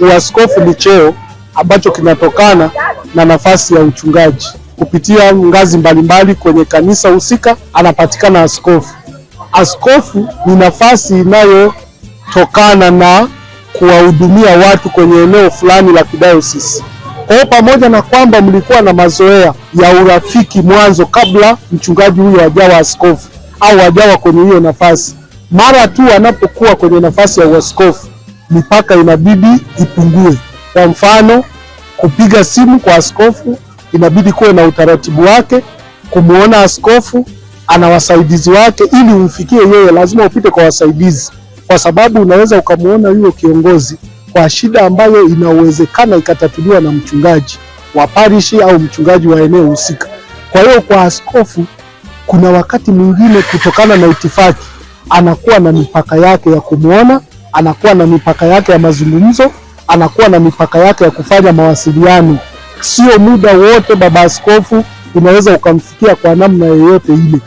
Uaskofu ni cheo ambacho kinatokana na nafasi ya uchungaji kupitia ngazi mbalimbali kwenye kanisa husika, anapatikana askofu. Askofu ni nafasi inayotokana na kuwahudumia watu kwenye eneo fulani la kidayosisi. Kwa hiyo pamoja na kwamba mlikuwa na mazoea ya urafiki mwanzo, kabla mchungaji huyo ajawa askofu au ajawa kwenye hiyo nafasi, mara tu anapokuwa kwenye nafasi ya uaskofu mipaka inabidi ipungue. Kwa mfano, kupiga simu kwa askofu inabidi kuwe na utaratibu wake. Kumwona askofu ana wasaidizi wake, ili umfikie yeye lazima upite kwa wasaidizi, kwa sababu unaweza ukamwona huyo kiongozi kwa shida ambayo inawezekana ikatatuliwa na mchungaji wa parishi au mchungaji wa eneo husika. Kwa hiyo kwa askofu kuna wakati mwingine, kutokana na itifaki, anakuwa na mipaka yake ya kumwona anakuwa na mipaka yake ya mazungumzo, anakuwa na mipaka yake ya kufanya mawasiliano. Sio muda wote baba askofu unaweza ukamfikia kwa namna yoyote ile.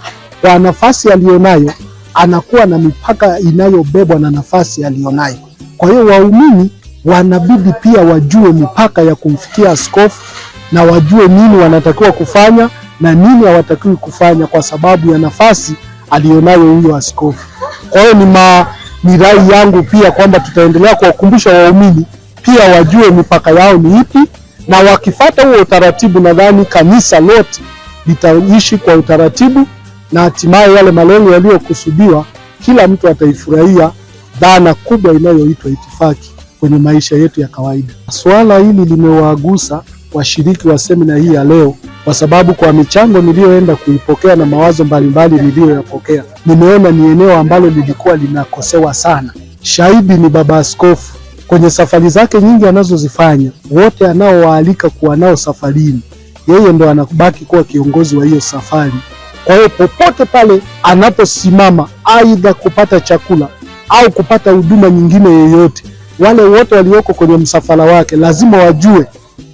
Kwa nafasi aliyonayo, anakuwa na mipaka inayobebwa na nafasi aliyonayo. Kwa hiyo waumini wanabidi pia wajue mipaka ya kumfikia askofu na wajue nini wanatakiwa kufanya na nini hawatakiwi kufanya kwa sababu ya nafasi aliyonayo huyo askofu. Kwa hiyo ni ma ni rai yangu pia kwamba tutaendelea kuwakumbusha waumini pia wajue mipaka yao ni ipi, na wakifata huo utaratibu, nadhani kanisa lote litaishi kwa utaratibu na hatimaye yale malengo yaliyokusudiwa, kila mtu ataifurahia dhana kubwa inayoitwa itifaki kwenye maisha yetu ya kawaida. Suala hili limewagusa washiriki wa semina hii ya leo kwa sababu kwa michango niliyoenda kuipokea na mawazo mbalimbali niliyoyapokea, nimeona ni eneo ambalo lilikuwa linakosewa sana. Shahidi ni baba askofu kwenye safari zake nyingi anazozifanya, wote anaowaalika kuwa nao safarini, yeye ndo anabaki kuwa kiongozi wa hiyo safari. Kwa hiyo popote pale anaposimama, aidha kupata chakula au kupata huduma nyingine yoyote, wale wote walioko kwenye msafara wake lazima wajue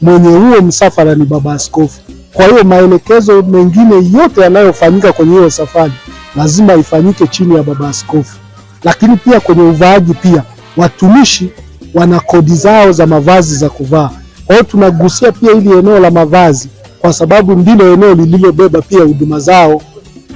mwenye huo msafara ni baba askofu. Kwa hiyo maelekezo mengine yote yanayofanyika kwenye hiyo safari lazima ifanyike chini ya baba askofu. Lakini pia kwenye uvaaji, pia watumishi wana kodi zao za mavazi za kuvaa. Kwa hiyo tunagusia pia hili eneo la mavazi, kwa sababu ndilo eneo lililobeba pia huduma zao.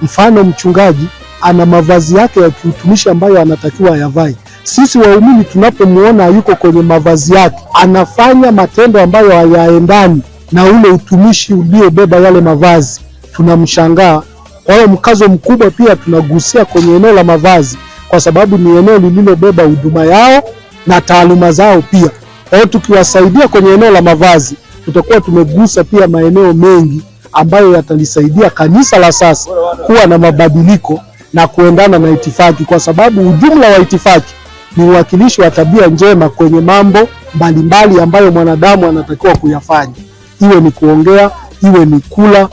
Mfano, mchungaji ana mavazi yake ya kiutumishi ambayo anatakiwa yavae. Sisi waumini tunapomwona yuko kwenye mavazi yake, anafanya matendo ambayo hayaendani na ule utumishi uliobeba yale mavazi tunamshangaa. Kwa hiyo mkazo mkubwa pia tunagusia kwenye eneo la mavazi, kwa sababu ni eneo lililobeba huduma yao na taaluma zao pia. Kwa hiyo tukiwasaidia kwenye eneo la mavazi, tutakuwa tumegusa pia maeneo mengi ambayo yatalisaidia kanisa la sasa kuwa na mabadiliko na kuendana na itifaki, kwa sababu ujumla wa itifaki ni uwakilishi wa tabia njema kwenye mambo mbalimbali mbali ambayo mwanadamu anatakiwa kuyafanya iwe ni kuongea, iwe ni kula,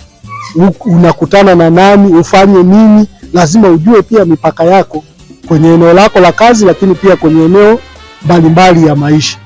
unakutana na nani, ufanye nini. Lazima ujue pia mipaka yako kwenye eneo lako la kazi, lakini pia kwenye eneo mbalimbali ya maisha.